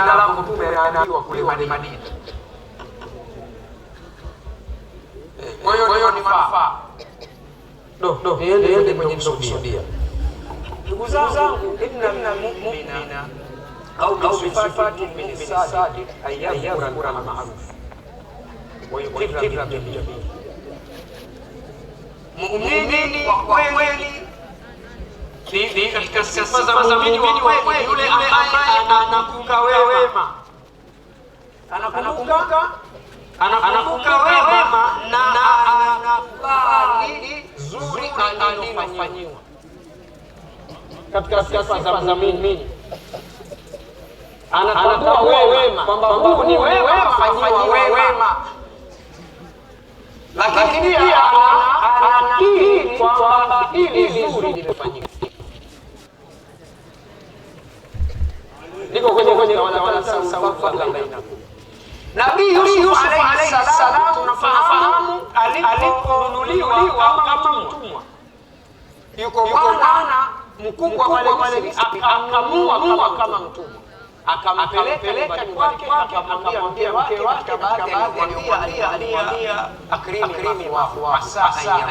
jina langu mtume anaambiwa kule Madina. Kwa hiyo ni mafaa Ndio, ndio, mwenye kusudia. Ndugu zangu, inna mumina au bisifati min sadi Wa maarufu wayukira biljamili, Mu'mini wa kweli ni katika sifa za muumini wa kweli, yule ambaye anakumbuka wema, anakumbuka anakumbuka wema na anakubali zuri alilofanyiwa. Katika sifa za muumini anatambua wema kwamba huu ni wema fanyiwa wema, lakini pia anakiri kwamba hili zuri limefanyika. pamoja na wanafalsafa wa Bagamoyo. Nabii Yusuf alayhi salam tunafahamu aliponunuliwa kama mtumwa, yuko bwana mkubwa wale akamua kama kama mtumwa akampeleka kwake, akamwambia mke wake, baada ya aliyeambia akrimi wa wa saa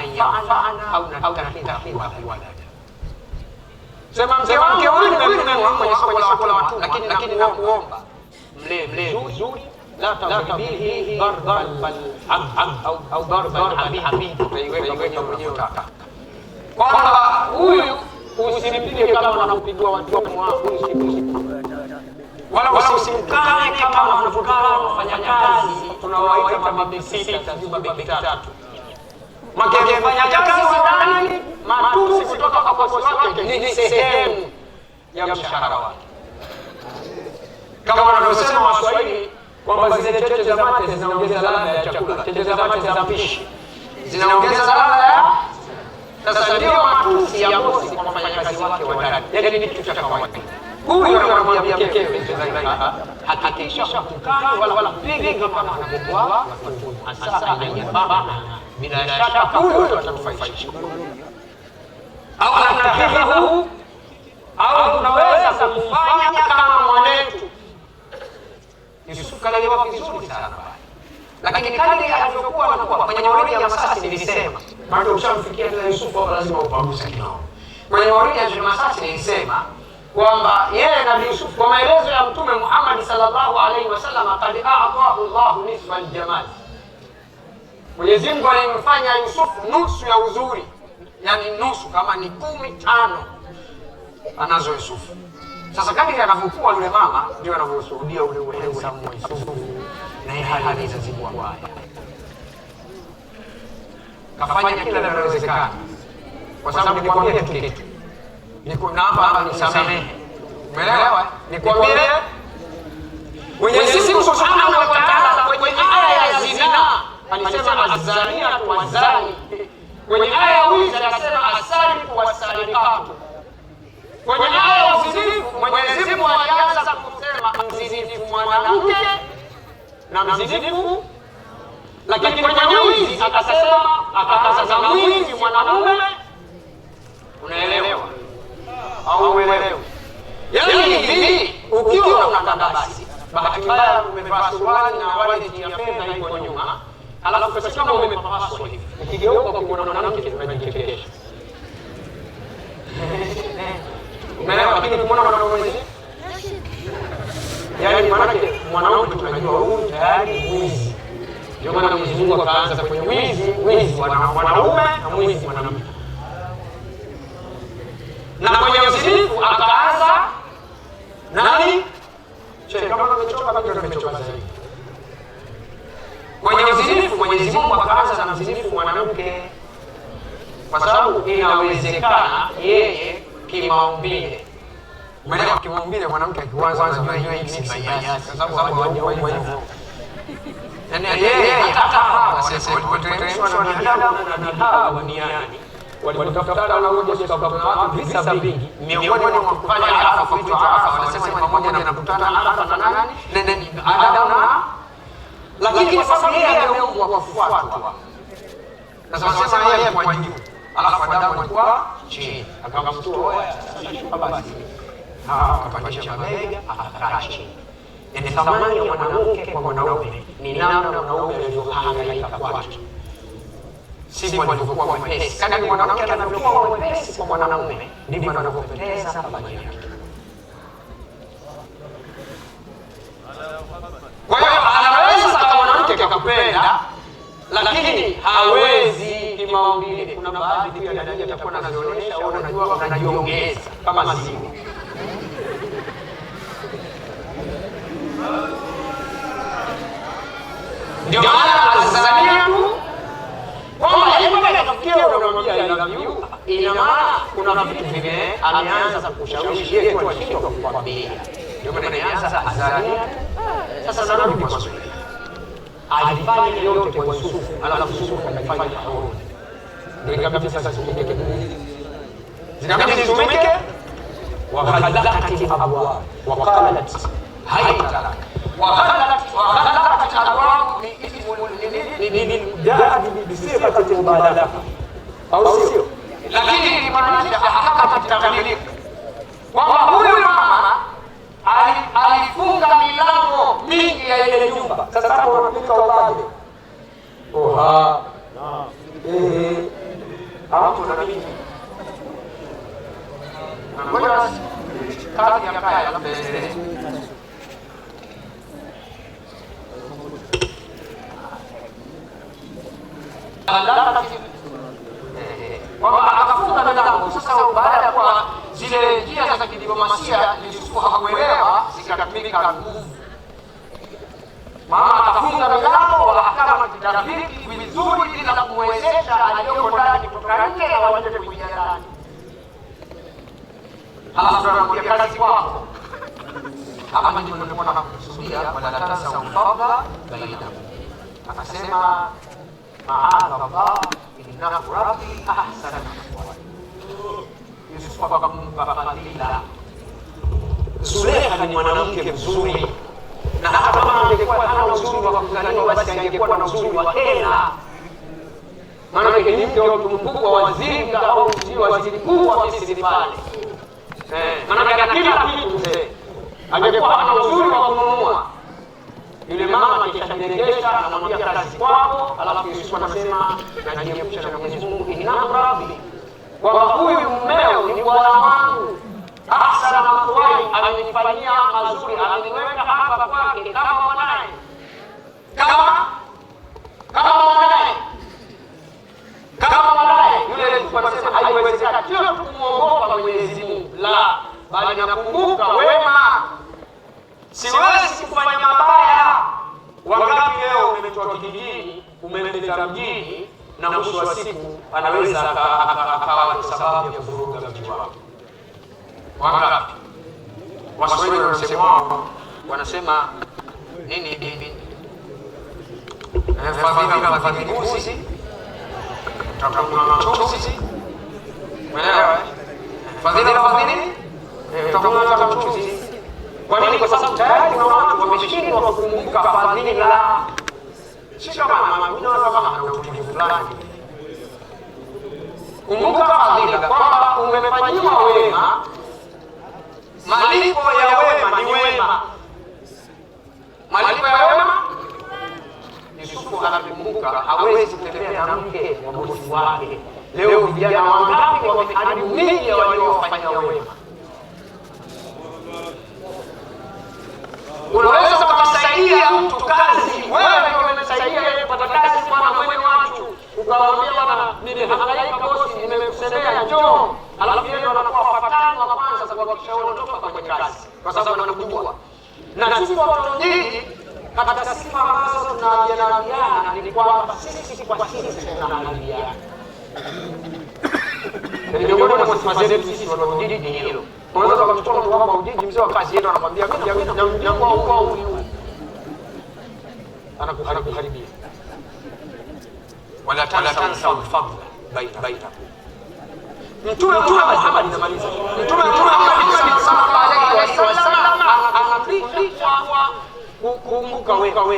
au nataka kuwa Sema mke wangu wangu kwenye soko la watu, lakini nakuomba mlee mlee vizuri, la tadribihi darban bal au darban habibi, utaiweka kwenye utaka kwamba huyu usimpige kama wanampigwa watu wako, wala usimkane kama wanavyokana wafanyakazi tunawaita mabibi sita, vyumba beki tatu Mafanyakazi wa ndani, matusi kutoka kwa bosi wake ni sehemu ya mshahara wake, kama wanavyosema Waswahili kwamba zile cheche za mate zinaongeza ladha ya chakula. Cheche za mate za mpishi zinaongeza ladha ya. Sasa ndio matusi ya bosi kwa mfanyakazi wake wa ndani, yaani ni kitu cha kawaida. Huyo anamwambia mkewe, hakikisha hukali wala wala piga kama anapokuwa hasa aliyebaba bila au huu au kama mwanetu. kalelewa vizuri sana, lakini kadri alivyokuwa anakuwa kwenye ya Masasi, nilisema bado ushamfikia tena lazima kidogo. Kwenye ya Masasi nilisema kwamba yeye kwa maelezo ya Mtume Muhammad sallallahu alaihi wasallam, a'tahu Allahu nisfa Mwenyezi Mungu alimfanya Yusufu nusu ya uzuri, yaani nusu kama ni kumi tano anazo Yusufu. Sasa kama kadiri anavyokuwa yule mama ndio anavyoshuhudia ule uwezo wa Mungu Yusufu, na yeye hali zazikuwa kwake, kafanya kila linalowezekana, kwa sababu ni kwambie tu kitu, nikunaomba hapa ni nisamehe, umeelewa? Ni kwambie Mwenyezi Mungu Subhanahu wa Ta'ala kwenye aya ya zina alisema azania zani. kwenye aya wizi anasema kwa wasarikatu, kwenye aya uzinifu Mwenyezi Mungu alianza kusema mzinifu mwanamke na mzinifu, lakini kwenye wizi akasema akasasa mwizi mwanamume. Unaelewa au uelewe? Yani hivi ukiwa unatanda basi, bahati mbaya umevaa suruali na wale tia fedha iko nyuma alafu pesa kama umepaswa hivi, ukigeuka ukimwona mwanamke ni umeelewa? Lakini ukimwona mwanamke yaani, maanake mwanamke tunajua huyu tayari mwizi. Ndio maana Mwenyezi Mungu akaanza kwenye wizi, wizi wanaume na mwizi mwanamke, na kwenye uzinifu akaanza nani? Chekama amechoka, amechoka zaidi Kwenye uzinifu, Mwenyezi Mungu akaanza na mzinifu mwanamke, kwa sababu inawezekana yeye kimaumbile kimaumbile mwanamke akiwaza hii sababu hivyo. Yaani yeye hata sasa na binadamu na yaani? na watu visa vingi miongoni mwa kufanya kuitwa wanasema pamoja na kukutana na nani? Adamu na lakini kwa sababu yeye ameumbwa kwa kufuatwa. Sasa wanasema yeye kwa juu, alafu Adamu alikuwa chini, akamtoa basi, akapandisha mabega, akakaa chini. Ni thamani yaani yaani ya mwanamke kwa mwanaume, ni namna mwanaume alivyohangaika kwake, si kwa alivyokuwa mwepesi. Kadri mwanamke anavyokuwa mwepesi kwa mwanaume, ndivyo anavyopendeza thamani yake. kupenda, lakini hawezi kimaumbile. Kuna baadhi ya dalili atakuwa anazionyesha, unajua, unajiongeza kama simu ndio maana Tanzania kwamba iakafikia unamwambia I love you, ina maana kuna vitu vingine ameanza kushawishi yetu, ashindwa kukwambia. Ndio maana anaanza Tanzania sasa, narudi kwa Swahili alifanya yote kwa Yusufu, alafu Yusufu alifanya Haruni. Ndio ikabidi sasa zitumike, zinabidi zitumike. Wakhalakat abwab waqalat hayta wakhalakat abwab lilmudadi bisifati lmubalagha, au sio? Lakini imaanisha hakama takamilika kwamba huyu mama alifunga dhidi ya ile nyumba. Sasa hapo unapika ubabe, oha ehe, hapo na mimi ngoja kazi ya kaya la mbele eh. akafunga milango sasa. Baada ya kuwa zile njia za kidiplomasia ilisukua hakuelewa, zikatumika nguvu mama afunga milango wa mahakama kitafiki vizuri bila kumwezesha aliyoko ndani kutoka nje na waende kuingia ndani. Halafu tunakuja kazi kwako hapa, ndio nilikuwa nakusudia wala tasau fadla bainakum. Akasema maadha Allah innahu rabbi ahsana mithwani. Yusuf akampa fadhila. Suleha ni mwanamke mzuri na hata kama angekuwa hana uzuri wa kuzaliwa, basi angekuwa na uzuri wa hela. Maana yake ni mke wa mtu mkubwa, wazinga au waziri mkuu wa Misri pale. Eh, Maana yake kila kitu mzee, angekuwa hana uzuri wa kununua. Yule mama akishanegesha, anamwambia kazi kwako, alafu Yesu anasema najiepusha na Mwenyezi Mungu, innahu rabbi, kwamba huyu mmeo ni bwana wangu, ahsana mathwaya, amenifanyia mazuri, amenwe Mwenyezi Mungu, la bali nakumbuka wema, siwezi kufanya mabaya. Wangapi leo umetoka kijijini, umemleta mjini, na mwisho wa siku anaweza akawa ni sababu ya kuvuruga mji wako? Wangapi? Waswahili wana wanasema nini bibi eh, fadhili mbuzi takamna mchuzi, umeelewa? Eh? fadhili na fadhili eh, tutakuwa na mchuzi. Kwa nini? Kwa sababu tayari kuna watu wameshindwa kukumbuka fadhili Kumbuka fadhili kwamba umefanyiwa wema, malipo ya wema ni wema, malipo ya wema Yusufu anakumbuka, hawezi kutembea na mke wa bosi wake Leo vijana wangapi ya waliofanya wema? Unaweza ukamsaidia mtu kazi, wewe umemsaidia yeye kupata kazi, bwana mwenye watu ukawaambia bwana, nimehangaika bosi, nimekusemea njoo, alafu yeye anakuwa fatani wa kwanza kuhakikisha unaondoka kwenye kazi, kwa sababu anakujua. Na sisi watu wengi katika sifa ambazo tunaambia tunajianajiana ni kwamba sisi kwa sisi tunaanaliana ni miongoni mwa sifa zetu sisi wana ni hilo. Unaweza kuchukua mtu hapa Ujiji, mzee wa kazi yetu anakwambia mimi na huyu anakuharibia. Wala tansa al-fadl Mtume Muhammad anamaliza. Mtume Muhammad sallallahu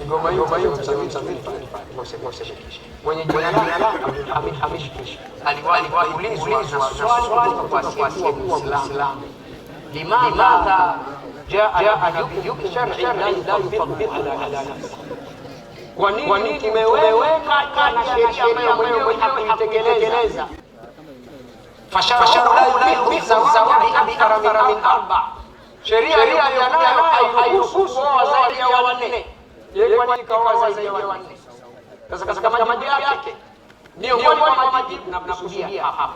Migoma hiyo kwa hiyo mtavita vipi? Msishikishe. Mwenye jina lake ameshikisha. Aliwahi kuulizwa swali kwa sababu kuwa Muislamu. Limadha jaa bihukum shar'i la yutabbiqu ala nafsi. Kwa nini kimeweka kana sheria ambayo hakuitekeleza? Fasharu la yubiza zawadi akthara min arba. Sheria hiyo nayo haihusu zaidi ya wanne yeye kwani kaoa zaidi ya wanne? Sasa katika majibu yake ndio miongoni mwa majibu na kusudia hapa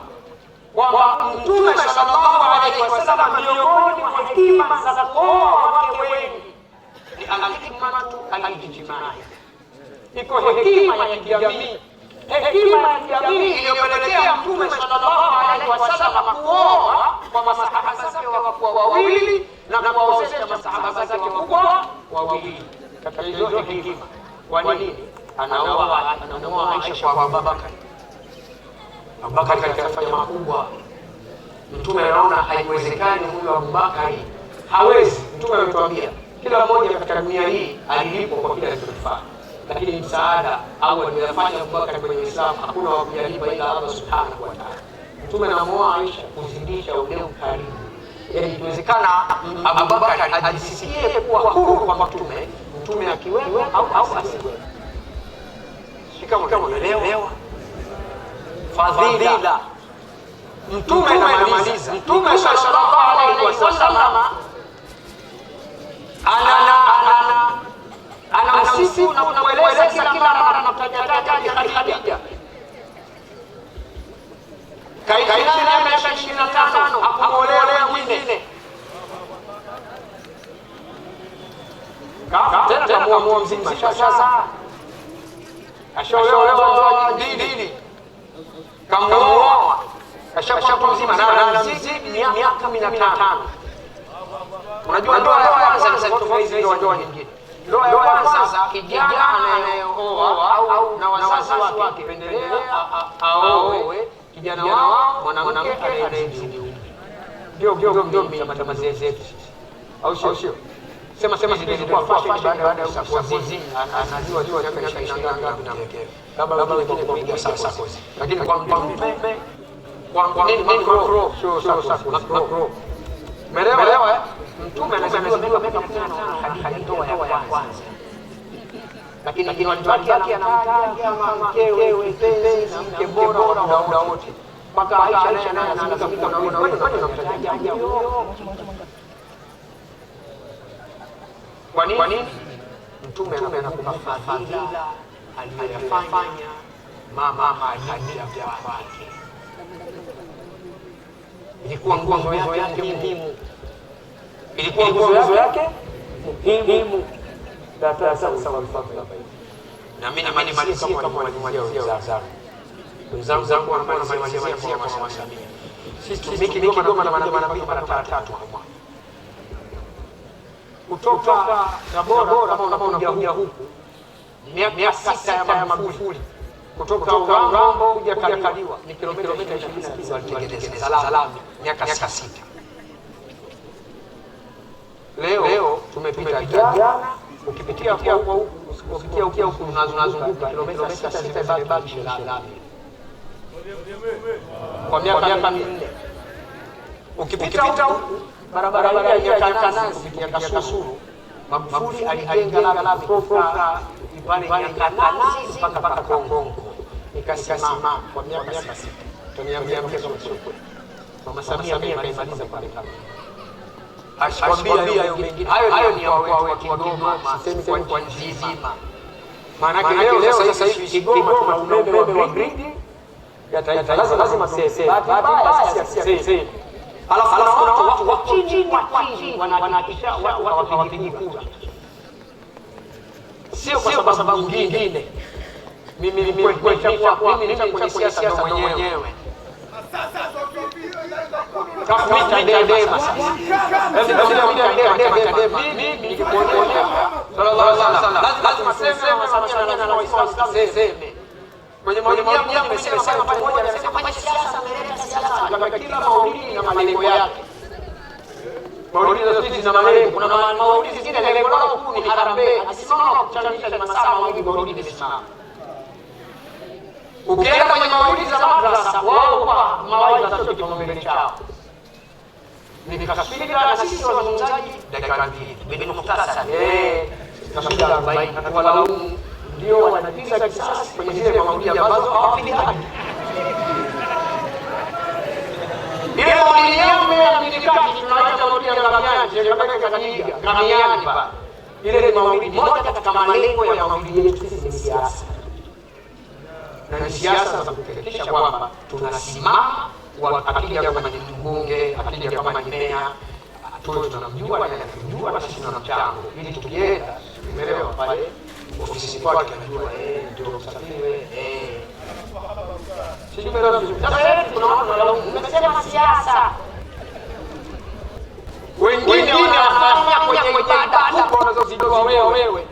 kwamba Mtume sallallahu alaihi wasallam, miongoni mwa hekima za kuoa wake wengi ni alhikmatu alijtimai, iko hekima ya kijamii, hekima ya kijamii iliyopelekea Mtume sallallahu alaihi wasallam kuoa kwa masahaba zake wakuwa wawili na kuwaozesha masahaba zake kubwa wawili katika hizo hekima. Kwa nini anaoa anaoa Aisha kwa Abubakar? Abubakar kalikafanya makubwa. Mtume anaona haiwezekani, huyu Abubakar hawezi. Mtume ametuambia kila mmoja katika dunia hii alilipo kwa kile alichokifanya, lakini msaada au aliyofanya Abubakar kwenye islam hakuna wa kujalipa ila Allah subhanahu wa ta'ala. Mtume anamuoa Aisha kuzidisha ule ukarimu, yaani ikiwezekana Abubakar ajisikie kuwa huru kwa Mtume mtume akiwepo au au asiwepo. Shika Kama unaelewa fadhila mtume anamaliza, mtume sallallahu alaihi wasallam anamsifu na kumweleza kila mara, anamtaja Khadija kaisha miaka ishirini na tano hakuolewa mwingine tena mzima sasa ashaolewa mbili, kamuoa kashakuwa mzima na mzidi miaka kumi na tano. Unajua ndoa ya kwanza tofauti na ndoa nyingine. Ndoa ya kwanza kijana anayeoa au na wazazi wake pendelea aoe kijana wao mwanamke anayemzidi, ndio ndio ndio mtazamazi wetu, au sio? sema sema ilikuwa fashion baada ya Sarkozy, anajua jua miaka ishirini na ngapi na mkewe, labda wengine kwa kupiga Sarkozy, lakini kwa Mtume kwa nini pro sio Sarkozy na pro Melewa Mtume anasema miaka 15 hajitoa ya kwanza lakini watu wake anamtaja mkewe, kipenzi na mke bora wa muda wote, mpaka Aisha naye anaanza kumtaja huyo kwa nini? Mtume anakupa fadhila aliyoyafanya mama Khadija kwake, ilikuwa nguzo yake muhimu, ilikuwa nguzo yake muhimu. Na mimi nimalizie kwa kumalizia wenzangu, wenzangu ambao wanamalizia kwa Mama sisi tumiki kidogo na mara tatu kutoka Tabora kama unakuja huku miaka sita ya Magufuli kutoka Urambo kuja Kaliwa ni kilomita 27 walitengeneza salama miaka sita. Leo leo tumepita jana, ukipitia kwa huko huko ukipitia huko huko unazunguka kilomita 6 zimebaki lami kwa miaka minne ukipita huko barabara ile ya Tanzania kufikia Kasulu, Magufuli alijenga na kutoka ipande ya Kanazi mpaka mpaka Kongo, ikasimama kwa miaka sita. Tuniambia mkezo mkubwa Mama Samia mimi nimemaliza pale kama asikwambia hayo mengine, hayo ni kwa ya wa Kigoma, sisemi kwa kwa nchi nzima. Maana leo sasa hivi Kigoma una umeme wa gridi ya taifa, lazima lazima sasa, bahati mbaya sisi sisi alafu kuna watu wa chini kwa chini wanahakikisha watu hawapigi kura, sio kwa sababu nyingine. Mimi ni siasa mwenyewe Tadema Kwenye moja nimesema pale moja anasema fanya siasa mbele ya siasa, kwa kila maulidi na malengo yake. Maulidi za sisi na malengo, kuna maulidi zingine lengo lao kuu ni harambee, asimama kuchanisha masaa mawili maulidi imesimama. Ukienda kwenye maulidi za madrasa, wao kwa mawaidha sio kipaumbele chao. Nikashinda na sisi wazungumzaji dakika mbili, mimi muktasari eh, ee, kashinda 40 na kwa laumu ndio wanalipiza kisasi kwenye zile maulidi ambazo hawafidi haki. Ile maulidi yao mmeambilikani, tunaita maulidi ya Kamyanje mpaka Kaniga Kamiani pa ile ni maulidi moja katika malengo ya maulidi yetu sisi ni siasa, na ni siasa za kuhakikisha kwamba tunasimama akija kama ni mbunge, akija kama ni meya, tuwe tunamjua na anamjua na sisi tuna mchango, ili tukienda, umeelewa pale ofisi kwake anajua, eh, eh, ndio msafiri eh. wewe, wengine wanafanya kwenye ibada kubwa wanazozijua wewe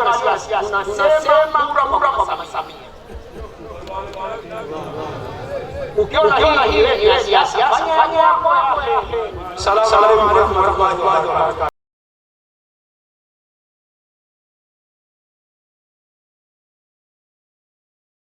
Unasema kura kura kwa Samia, ukiona hii hii siasa, fanya hapo hapo সালাম আলাইকুম